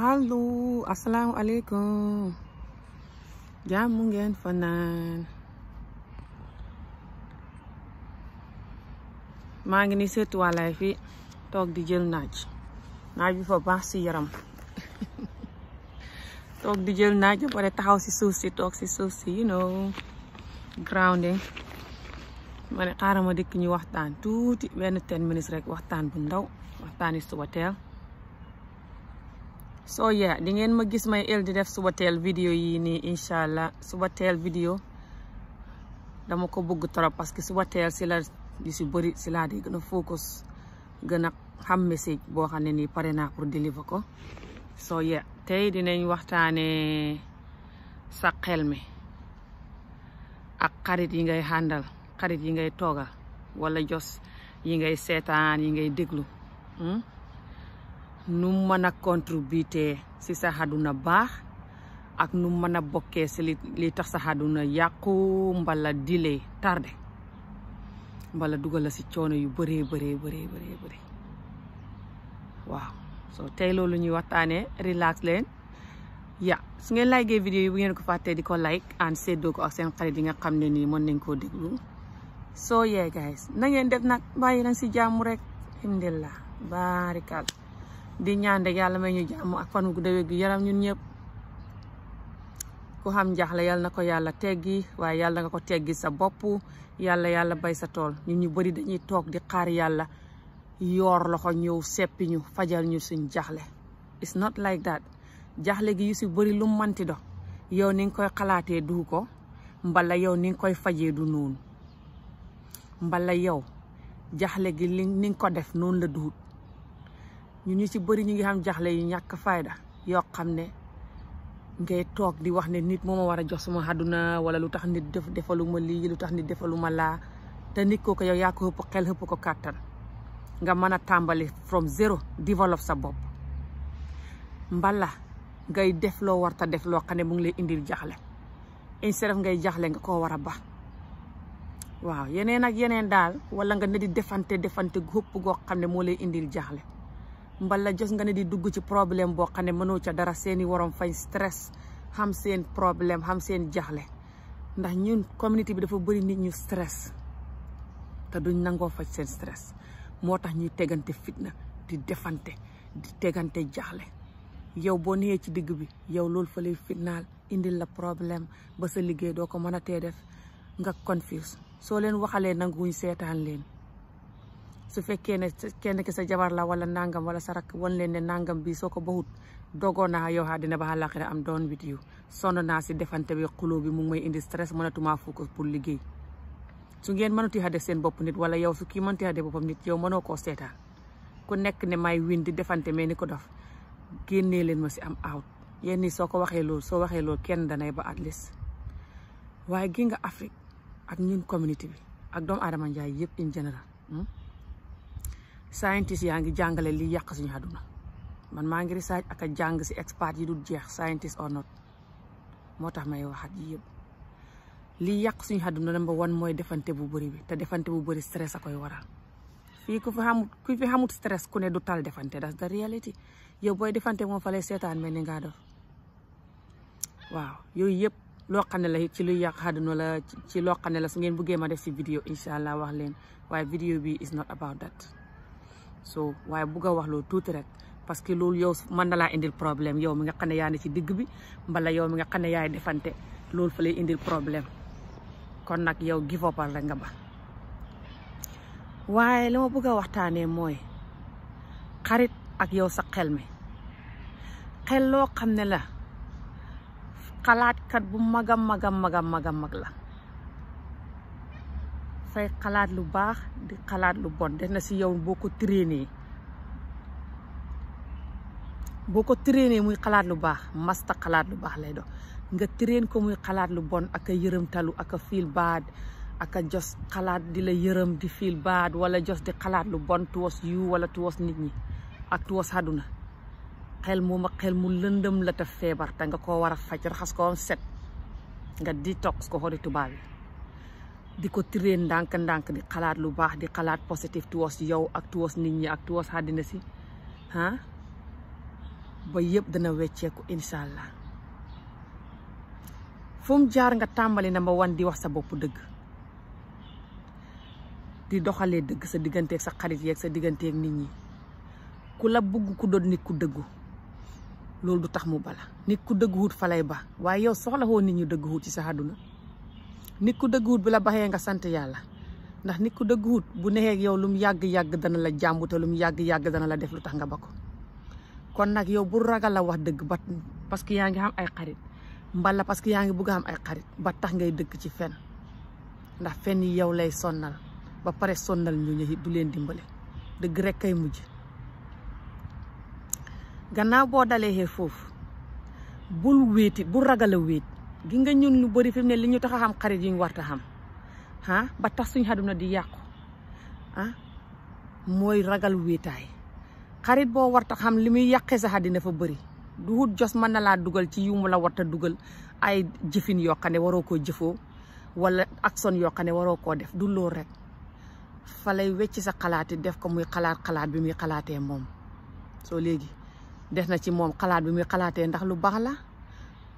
allo asalaamaaleykum jàmm ngeen fanaan maa ngi ni seetu walaay fi toog di jël naaj naaj bi fa baax si yaram toog di jël naaj bi pare taxaw si suuf si toog si suuf si you know grounding ma ne xaaral dikk ñu waxtaan tuuti benn ten minutes rek waxtaan bu ndaw waxtaan suba teel soo yaa di ngeen ma gis may el di def suba teel vidéo yii nii incha allah suba teel vidéo dama ko bëgg trop parce que suba teel si la di si bëri si laa di gën a focus gën xam message boo xam ne nii pare naa pour deliver ko soo yaa tey dinañ waxtaanee sa xel mi ak karit yi ngay xàndal xarit yi ngay toogal walla jos yi ngay seetaan yi ngay déglu hmm? nu mën a contribuer si sa àdduna baax ak nu mën a bokkee si li tax sa àdduna yàqu mbala dile tardé mbala dugal la si coono yu bëree bëree bëree bëree waaw soo tey loolu ñuy waxtaanee relax leen ya su ngeen likee vidéo yi bu ngeen ko fàttee di ko like and séddoo ko ak seen xarit yi nga xam ne nii mën nañ koo déglu soo yee guys na ngeen def nag bàyyi nañ si jàmm rek alhamdulillah barikal di ñaan yàlla may ñu jàmm ak fan gu dëwee gi yaram ñun ñëpp ku xam njaxle yàlla na ko yàlla teggi waaye yàlla nga ko teggi sa bopp yàlla yàlla bay sa tool ñu ñu bari dañuy toog di xaar yàlla yoor loxo ñëw seppi ñu fajal ñu suñ jaxle it's not like that jaaxle gi yu si bari lu manti do yow ni nga koy xalaatee du ko mbala yow ni koy fajee du noonu mbala yow jaaxle gi li ni nga ko def noonu la duut ñu ñu ci bari ñu ngi xam jaxle yi ñàkk fayda yoo xam ne ngay toog di wax ne nit moo ma war a jox suma àdduna wala lu tax nit def defalu ma lii lu tax nit defalu ma laa te nit kooku ko yaa ko ëpp xel ëpp ko kàttan nga mën a tàmbali from zero développe sa bopp mbala ngay def loo war ta def loo xam ne mu ngi lay indil jaxle instead of ngay jaxle nga koo war a ba waaw yeneen ak yeneen daal wala nga ne di defante defante gópp ko xam ne moo lay indil jaxle la jos nga ne di dugg ci problème boo xam ne mënoo ca dara seeni waroom fañ stress xam seen problème xam seen jaxle ndax ñun communauté bi dafa bëri nit ñu stress te duñ nangoo faj seen stress moo tax ñuy tegante fitna di defante di tegante jaxle yow boo nexee ci digg bi yow loolu fa lay fitnaal indil la problème ba sa liggéey doo ko mën a tee def nga confuse soo leen waxalee nanguwuñ seetaan leen su fekkee ne kenn ki sa jabar la wala nangam wala sa rakk wan leen ne nangam bi soo ko baxut dogoon naa yow xaa dina ba àllaaxira am doon with you sonn naa si defante bi xuloo bi mu ngi may indi stress mënatuma focus pour liggéey su ngeen mënut a def seen bopp nit wala yow su kii mënut a def boppam nit yow mënoo koo seetaan ku nekk ne may wiin di defante mais ni ko dof génnee leen ma si am out yéen nii soo ko waxee lool soo waxee loolu kenn danay ba at least waaye gi nga Afrique ak ñun communauté bi ak doomu aadama njaay yëpp in général hmm? scientist yaa ngi jàngale li yàq ñu àdduna man maa ngi research ak a jàng si expert yi du jeex scientist or not moo tax may waxat yi yëpp lii yàq suñu àdduna number one mooy defante bu bëri bi te defante bu bëri stress a koy waral fii ku fi xamut fi xamut stress ku ne du tal defante that's the reality yow booy defante moom fa lay seetaan mel ni ngaa dof waaw yooyu yëpp loo xam ne la ci luy yàq àdduna la ci loo xam ne la su ngeen buggee ma def si vidéo incha allah wax leen waaye vidéo bi is not about so waaye bugg a wax loolu tuuti rek parce que loolu yow mën na laa indil problème yow mi nga xam ne yaa ne ci digg bi mbala yow mi nga xam ne yaay defante loolu fa lay indil problème kon nag yow give up rek nga ba waaye la ma bëgg a waxtaanee mooy xarit ak yow sa xel mi xel loo xam ne la xalaatkat bu mag a mag a mag a mag la say xalaat lu baax di xalaat lu bon def na si yow boo ko traîner boo ko traîner muy xalaat lu baax masta xalaat lu baax lay doon nga traîner ko muy xalaat lu bon ak a yërëmtalu ak fiil baad ak jos xalaat di la yërëm di fiil baat wala jos di xalaat lu bon tuwas yu wala tuwas nit ñi ak tuwas àdduna xel moom ak xel mu lëndëm la te feebar te nga ko war a faj raxas ko set nga detox ko xori tubaab yi di ko tireen ndànk-ndànk di xalaat lu baax di xalaat positif tuwas yow ak tuwas nit ñi ak tuwas àddina si ah ba yëpp dana wecceeku incha allah jaar nga tàmbali na ma wan di wax sa boppu dëgg di doxalee dëgg sa digganteeg sa xarit yeeg sa digganteeg nit ñi ku la bugg ku doon nit ku dëggu loolu du tax mu bala nit ku dëgg wut falay ba waaye yow soxla woo nit ñu dëgg wut ci sa àdduna nit ku dëgguwut bi la baxee nga sant yàlla ndax nit ku dëgguwut bu nekkee yow lum yàgg-yàgg dana la jàmbu te lum yàgg-yàgg dana la def lu tax nga ba kon nag yow bu ragal la wax dëgg ba parce que yaa ngi am ay xarit mbala parce que yaa ngi bugg am ay xarit ba tax ngay dëgg ci fen ndax fen yi yow lay sonnal ba pare sonnal ñu ñi du leen dimbale dëgg rek kay mujj gannaaw boo dalee foofu bul wéeti bul ragal a wéet gi nga ñun ñu bëri fi mu ne li ñu tax a xam xarit yi ñu war ta xam ah ba tax suñu àdduna di yàqu ah mooy ragal wéetaay xarit boo war ta xam li muy yàqee sa àddina fa bari du wut jos mën na laa dugal ci yu mu la war dugal ay jëfin yoo xam ne waroo koo jëfoo wala action yoo xam ne waroo koo def du lool rek fa lay wecc sa xalaati def ko muy xalaat xalaat bi muy xalaatee moom soo léegi def na ci moom xalaat bi muy xalaatee ndax lu baax la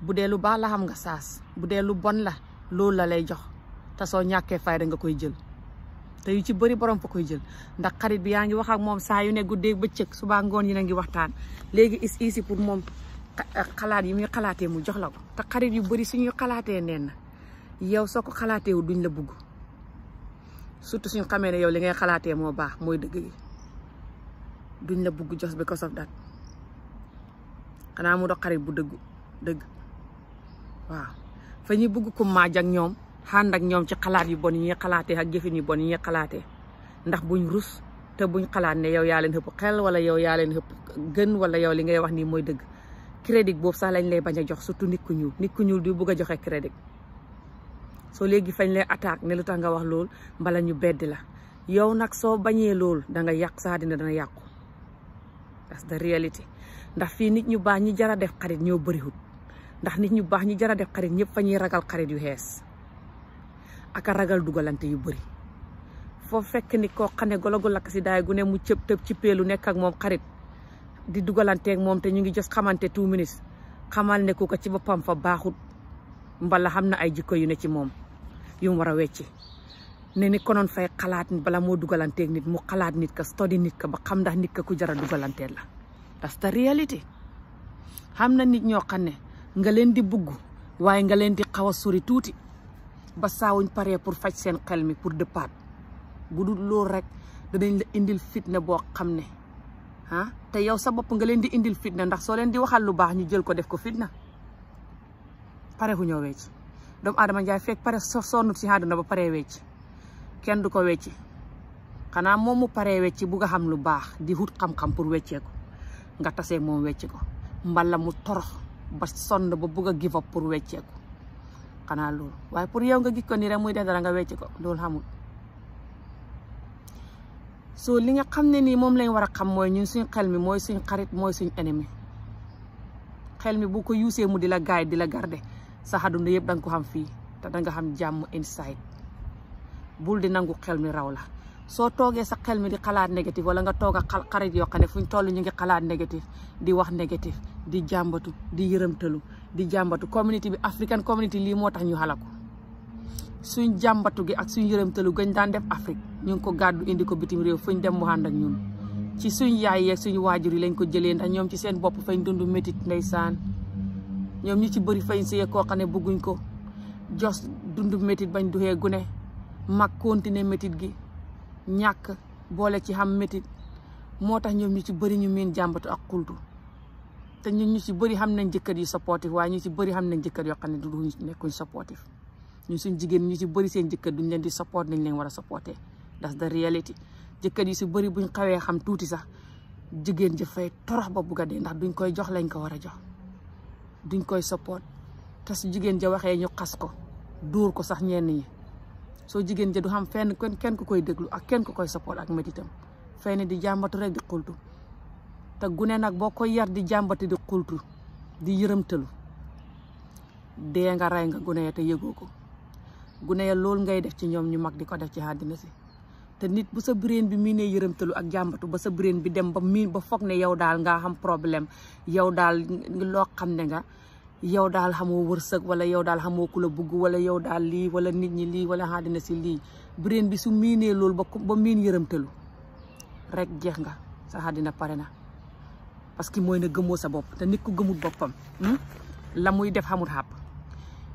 bu dee lu baax la xam nga saas bu dee lu bon la loolu la lay jox te soo ñàkkee fayda nga koy jël te yu ci bëri borom fa koy jël ndax xarit bi yaa ngi wax ak moom saa yu ne guddee bëccëg subaa ngoon yi na ngi waxtaan léegi pour moom eh, xalaat yi muy xalaatee mu jox la ko te xarit yu bëri suñuy xalaatee neen na yow soo ko xalaatee la bugg surtout suñu xamee ne yow li ngay xalaatee moo baax mooy dëgg gi duñ la bugg jox bi ko sof dat xanaa mu dox xarit bu dëggu dëgg waaw fa ñuy bëgg ko maaj ak ñoom xànd ak ñoom ci xalaat yu bon yi ñuy xalaatee ak jëfin yu bon yi xalaatee ndax buñ rus te buñ xalaat ne yow yaa leen xëpp xel wala yow yaa leen xëpp gën wala yow li ngay wax nii mooy dëgg crédit boobu sax lañ lay bañ a jox surtout nit ku ñuul nit ñuul du bëgg a joxe crédit soo léegi fañ lay attaque ne lu tax nga wax lool bala ñu bedd la yow nag soo bañee lool da yàq saa dina dana yàqu that's the reality ndax fii nit ñu baax ñi jara def xarit ñoo bëriwut ndax nit ñu baax ñi jara def xarit ñëpp fa ñuy ragal xarit yu xees ak ragal dugalante yu bëri foo fekk ni ko xam ne golo gu lakk si daay gu ne mu cëb tëb ci peelu nekk ak moom xarit di dugalanteek moom te ñu ngi jos xamante two minutes xamal ne ku ko ci boppam fa baaxut mbala xam na ay jikko yu ne ci moom yu mu war a wecci ne ni konoon fay xalaat bala moo dugalanteeg nit mu xalaat nit ka study nit ka ba xam ndax nit ka ku jara a la. that's reality xam na nit ñoo xam ne nga leen di bugg waaye nga leen di xaw a sori tuuti ba saawuñ paree pour faj seen xel mi pour dëppaat bu dul loolu rek dañ la indil fitna boo xam ne ah te yow sa bopp nga leen di indil fitna ndax soo leen di waxal lu baax ñu jël ko def ko fitna pare ku ñoo wecc doomu aadama njaay fekk pare so sonn si àdduna ba paree wecc kenn du ko wecci xanaa moom mu paree wecci bu nga xam lu baax di wut xam-xam pour weccee ko nga tase moom wecci ko mbala mu torox ba sonn ba bugg a give up pour wecceeku xanaa lool waaye pour yow nga gis ko nii rek muy def dara nga wecce ko loolu xamul soo li nga xam ne nii moom lañ war a xam mooy ñun suñ xel mi mooy suñ xarit mooy suñ ennemi xel mi bu ko yuusee mu di la gaay di la garde sa àdduna yëpp danga ko xam fii te danga xam jàmm inside bul di nangu xel mi raw la soo toogee sa xel mi di xalaat négative wala nga toog ak xarit yoo xam ne fu ñu toll ñu ngi xalaat négatif di wax négatif di jàmbatu di yërëmtalu di jàmbatu communauté bi african communauté lii moo tax ñu xalaku suñ jàmbatu gi ak suñ yërëmtalu gañ daan def Afrique ñu ngi ko gàddu indi ko bitim réew fuñ dem mu ànd ak ñun ci suñ yaay yee suñu waajur yi lañ ko jëlee ndax ñoom ci seen bopp fañ dund métit saan ñoom ñu ci bëri fañ sëyee koo xam ne bëgguñ ko jos dund métit bañ duxee gune mag continuer métit gi ñàkk boole ci xam métit moo tax ñoom ñu ci bëri ñu miin jàmbatu ak kultu te ñun ñu si bëri xam nañ jëkkër yi supportif waaye ñu ci bëri xam nañ jëkkër yoo xam ne du nekkuñ supportif ñun suñ jigéen ñu ci bëri seen jëkkër duñ leen di support nañ leen war a supporté that's the reality jëkkër yi si bëri buñ xawee xam tuuti sax jigéen ji fay torox ba bugg a dee ndax duñ koy jox lañ ko war a jox duñ koy support te su jigéen ja waxee ñu xas ko dóor ko sax ñenn ñi soo jigéen ja du xam fenn kenn kenn ku koy déglu ak kenn ku koy soppol ak métitam fay ne di jàmbatu rek di xultu te gune nag boo koy yar di jàmbati di xultu di yërëmtalu dee nga rey nga gune ya te yëgoo ko gune ya loolu ngay def ci ñoom ñu mag di ko def ci àddina si te nit bu sa brain bi mii ne yërëmtalu ak jàmbatu ba sa brain bi dem ba miin ba foog ne yow daal nga xam problème yow daal loo xam ne nga yow daal xamoo wërsëg wala yow daal xamoo ku la bugg wala yow daal lii wala nit ñi lii wala xaa dina si lii brain bi su miinee loolu ba ba miin yërëmtalu rek jeex nga sa xaa pare na parce que mooy na gëmoo sa bopp te nit ku gëmul boppam hmm? muy def xamul xàpp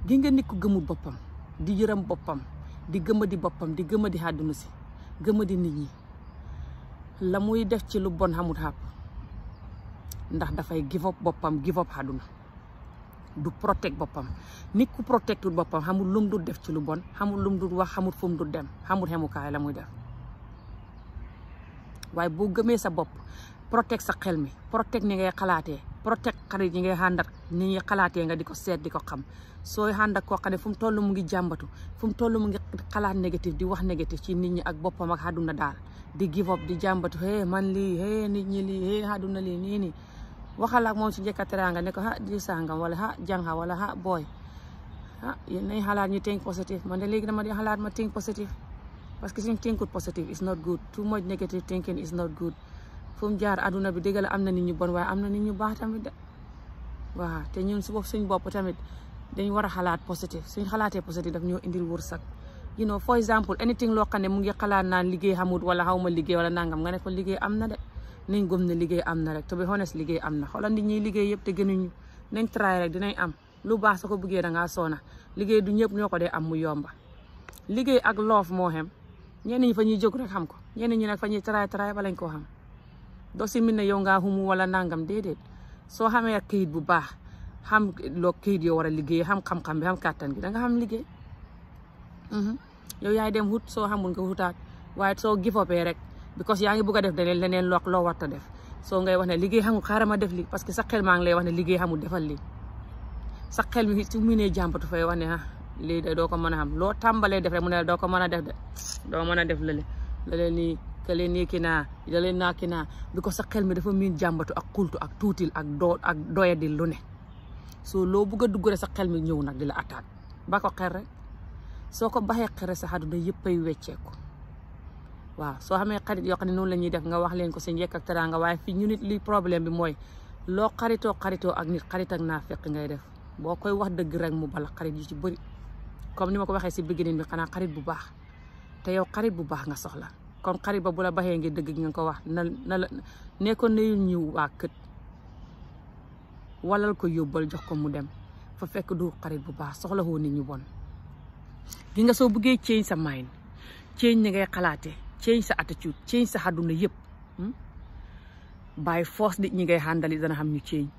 gi nga nit gëmul boppam di yërëm boppam di gëma di boppam di gëma di àdduna si gëma di nit ñi la muy def ci lu bon xamul xàpp ndax dafay give up boppam give up du protect boppam nit ku protectul boppam xamul lum dul def ci lu bon xamul lum dul wax xamul fu mu dul dem xamul xemukaay la muy def waaye boo gëmee sa bopp protect sa xel mi protect ni ngay xalaatee protect xarit ñi ngay ànd ak ni xalaatee nga di ko seet di ko xam sooy ànd ak koo xam ne fu mu toll mu ngi jàmbatu fu mu toll mu ngi xalaat négatif di wax négatif ci nit ñi ak boppam ak àdduna daal di give up di jàmbatu hey man lii hey nit ñi lii hey àdduna lii nii nii waxal ak moom si njëkk a teraanga ne ko ah diw sàngam wala ah jànga wala ah booy ah yéen nañ xalaat ñu think positive man de léegi na ma di xalaat ma think positive parce que suñ thinkut positive is not good too much negative thinking is not good fu mu jaar aduna bi dëgg am na ni ñu bon waaye am na nit ñu baax tamit de waaw te ñun su bopp suñ bopp tamit dañ war a xalaat positive suñ xalaatee positive daf ñoo indil wërsëg you know for example anything loo xam ne mu ngi xalaat naan liggéey xamut wala xaw ma nangam nga ne liggéey am na ni gëm ne liggéey am na rek to be honest liggéey am na xoolal nit ñi liggéey yëpp te gënuñu nañ try rek dinañ am lu baax sa ko bëggee da ngaa soona liggéey du ñëpp ñoo ko dee am mu yomba liggéey ak loof moo xem ñenn ñi fa ñuy jóg rek xam ko ñenn ñi nag fa ñuy try try ba lañ koo xam doo si mit ne yow ngaa xumu wala nangam déedéet soo xamee kayit bu baax xam loo kayit yoo war a liggéey xam xam-xam bi xam kàttan gi da nga xam liggéey mhm. yow yaay dem wut soo xamul nga wutaat waaye soo gifopee rek because yaa ngi bëgg a def leneen leen loo loo warta def soo ngay wax ne liggéey xamul xaaral ma def li parce que sa xel maa ngi lay wax ne liggéey xamul defal li sa xel mi su mu nee jàmbatu fay wax ne ah doo ko mën a xam loo tàmbalee def rek mu ne doo ko mën a def de doo mën a def lale lale nii kële nii ki naa lale naa ki naa because sa xel mi dafa miin jàmbatu ak xultu ak tuutil ak doo ak doyadil lu ne soo loo bëgg a dugg sa xel mi ñëw nag di la attaque ba ko xel rek soo ko baxee xel rek sa àdduna yëpp ay wecceeku waaw soo xamee xarit yoo xam ne noonu la ñuy def nga wax leen ko si njëkk ak teraanga waaye fii ñu nit li problème bi mooy loo xaritoo xaritoo ak nit xarit ak naa fekk ngay def boo koy wax dëgg rek mu bala xarit yu ci bëri comme ni ma ko waxee si beginning bi xanaa xarit bu baax te yow xarit bu baax nga soxla kon xarit ba bu la baxee ngi dëgg nga ko wax na na la ne ko neyul ñiw waa kët walal ko yóbbal jox ko mu dem fa fekk du xarit bu baax soxla woo ni ñu bon gi nga soo buggee change sa mind change ni ngay xalaatee change sa attitude change sa àdduna yëpp hmm? by force nit ñi ngay xàndali dana xam ñu change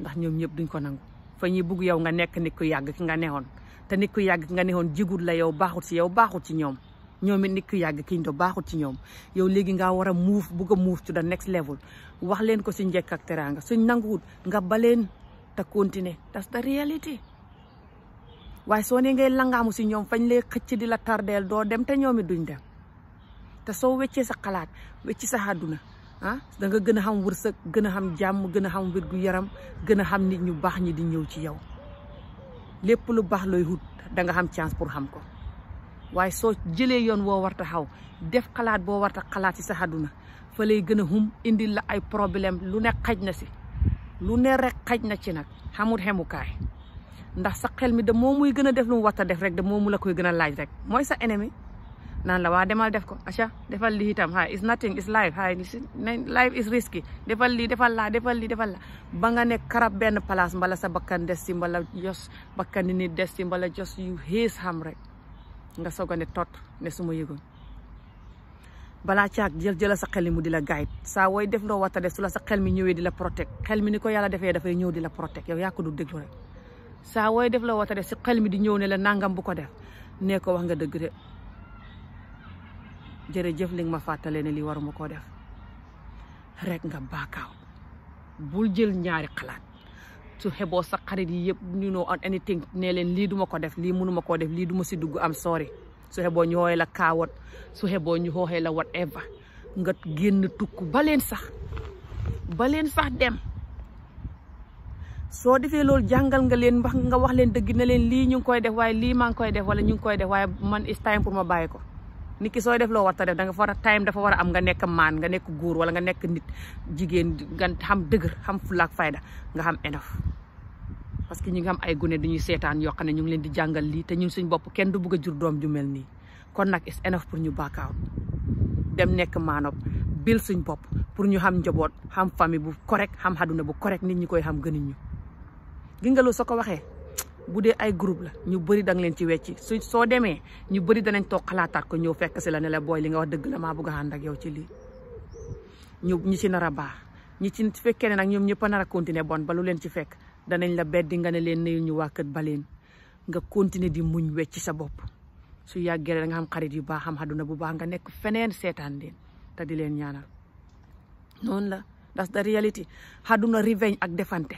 ndax ñoom ñëpp duñ ko nangu fa ñuy bugg yow nga nekk nit ku yàgg ki nga neexoon te nit ku yàgg ki nga neexoon jigul la yow baaxut si yow baaxut ci ñoom ñoom it nit ku yàgg kiñ do baaxut ci ñoom yow léegi ngaa war a move bugg a move to the next level wax leen ko si njëkk ak teraanga suñ nanguwut nga baleen te continuer that's the reality waaye soo ne ngay langaamu si ñoom fañ lay xëcc di la tardeel doo dem te ñoom it duñ dem te soo weccee sa xalaat wecci sa àdduna ah da nga gën a xam wërsëg gën a xam jàmm gën a xam wér yaram gën a xam nit ñu baax ñi di ñëw ci yow lépp lu baax looy wut danga xam chance pour xam ko waaye soo jëlee yoon woo warta xaw def xalaat boo warta xalaat ci sa àdduna fa lay gën a hum indil la ay problème lu nekk xaj na si lu ne rek xaj na ci nag xamul xemukaay ndax sa xel mi da moo muy gën a def lu mu warta def rek da moo mu la koy gën a laaj rek mooy sa ennemi naan la waa demal def ko aca defal lii itam xaay is is life xaay life is risky defal lii defal laa defal lii defal la ba nga nekk karab benn palace mbala sa bakkan des si mbala jos bakkan ni nit des si jos yu rek nga soog a ne tot ne su ma yëgoon balaa caag jël jëla sa xel mi di la guide saa wooy def loo warta def la sa xel mi ñëwee di la protect xel mi ni ko yàlla defee dafay ñëw di la protect yow yaa ko du déglu rek saa woy def la warta def si xel di ñëw ne la nangam bu ko def nee ko wax nga dëgg de jërëjëf li nga ma fàttale ne li waruma koo def rek nga baakaaw bul jël ñaari xalaat su xeboo sa xarit yi yëpp ñu noo on anything ne leen lii duma ko def lii mënuma koo def lii duma si dugg am soori su xeboo ñu xooxee la kaawot su xeboo ñu xooxee la whatever nga génn tukk ba leen sax ba leen sax dem soo defee loolu jàngal nga leen wax nga wax leen dëgg na leen lii ñu ngi koy def waaye lii maa ngi koy def ñu ngi koy def waaye man it's pour ma bàyyi ko nit ki sooy def loo war def da nga fa war a time dafa war a am nga nekk maan nga nekk góor wala nga nekk nit jigéen nga xam dëgër xam fulaak fayda nga xam enof parce que ñi nga xam ay gune dañuy seetaan yoo xam ne ñu ngi leen di jàngal lii te ñun suñ bopp kenn du bëgg a jur doom ju mel nii kon nag is enof pour ñu baakaaw dem nekk maanop bil suñ bopp pour ñu xam njaboot xam famille bu correct xam àdduna bu correct nit ñi koy xam gënuñ ñu gi nga lu soo ko waxee bu dee ay groupe la ñu bëri da leen ci wecci su soo demee ñu bëri danañ toog xalaataat ko ñëw fekk si la ne la booy li nga wax dëgg la maa bëgg a ànd yow ci lii ñu ñi ci nar a baax ñi ci fekkee ne nag ñoom ñëpp a nar a continuer bon ba leen ci fekk danañ la beddi nga ne leen nuyu ñu waa kër baleen nga continuer di muñ wecci sa bopp su yàggee da nga xarit yu baax am xaddu na bu baax nga nekk feneen seetaan leen te di leen ñaanal noonu la das da réalité àdduna revenge ak defante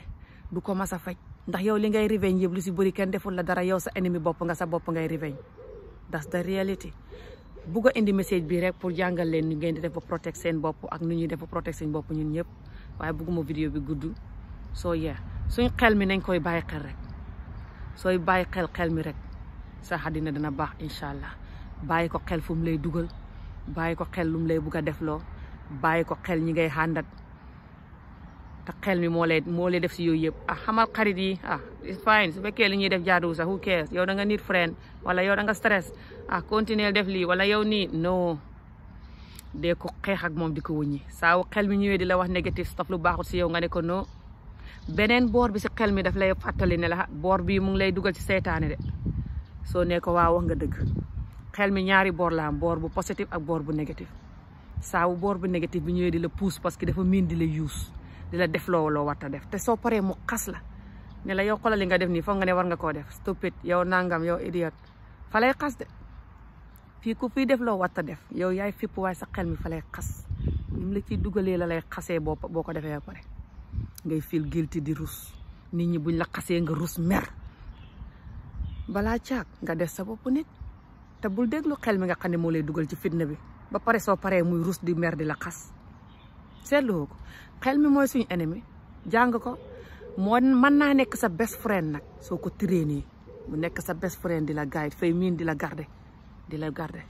du ko mas a faj ndax yow li ngay revenge yëpp lu si bëri kenn deful la dara yow sa ennemi bopp nga sa bopp ngay revenge that's the reality bugg a indi message bi rek pour jàngal leen ñu ngeen di def ba protect seen bopp ak nu ñuy def ba protect seen bopp ñun ñëpp waaye bugguma vidéo bi gudd soo yee suñ xel mi nañ koy bàyyi xel rek sooy bàyyi xel xel mi rek sa àddina dina baax incha allah bàyyi ko xel fu lay dugal bàyyi ko xel lu lay bugg a loo bàyyi ko xel ñi ngay xàndat te xel mi moo lay moo lay def si yooyu yëpp ah xamal xarit yi a ah, it's fine su fekkee li ñuy def jaaduwul sax who cares yow da nga nit friend wala yow da nga stress a ah, continuer def lii wala yow nii no dee ko xeex moom di ko wëññi saa xel mi ñëwee di la wax négatif staf lu baaxul si yow nga ne ko beneen boor bi si xel mi daf lay fàttali ne la boor bii mu ngi lay dugal ci seytaane soo nee ko waa nga dëgg xel mi ñaari boor la boor bu positif ak boor bu négatif saa wu boor bu négatif bi ñëwee di la pousse parce que dafa miin di la yuus di la def loo loo warta def te soo paree mu xas la ne la yow li nga def nii foog nga ne war nga koo def stupide yow nangam yow idiot fa lay xas de fii ku fii def loo warta def yow yaay fipp waay sa xel mi fa lay xas ni mu ciy dugalee la lay xasee boo boo ko defee ba ngay feel guilty di rus nit ñi buñ la nga rus mer balaa caag nga def sa bopp nit te bul déglu xel mi nga xam ne moo lay dugal ci fitna bi ba pare soo paree muy rus di mer di la xas seetlu ko xel mi mooy suñu ennemi jàng ko moo mën naa nekk sa best friend nag soo ko traîner bu nekk sa best friend di la guide fay miin di la garde di la garder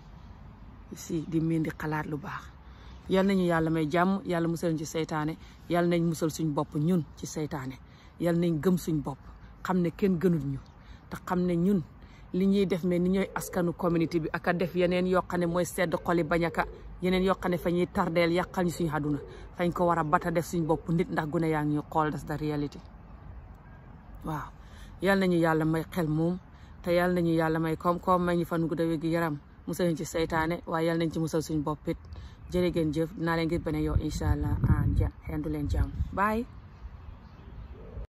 si di miin di xalaat lu baax yal nañu yàlla may jàmm yàlla musal ci seytaane yàlla nañ musal suñ bopp ñun ci seytaane yàlla nañ gëm suñ bopp xam ne kenn gënul ñu te xam ne ñun li ñuy def mais ni ñooy askanu communauté bi ak def yeneen yoo xam ne mooy sedd xoli bañaka yeneen yoo xam ne fa ñuy tardeel yàqal ñu suñu àdduna fañ ko war a bata def suñ bopp nit ndax gune yaa ngi ñu xool das da réalité waaw yal nañu yàlla may xel moom te yal nañu yàlla may koom-koom may ñu fan gu dawee gi yaram musal ñu ci seytaane waaye yal nañ ci musal suñu bopp it jërë ngeen jëf dinaa leen gis beneen yow incha allah ah ja leen jàmm bye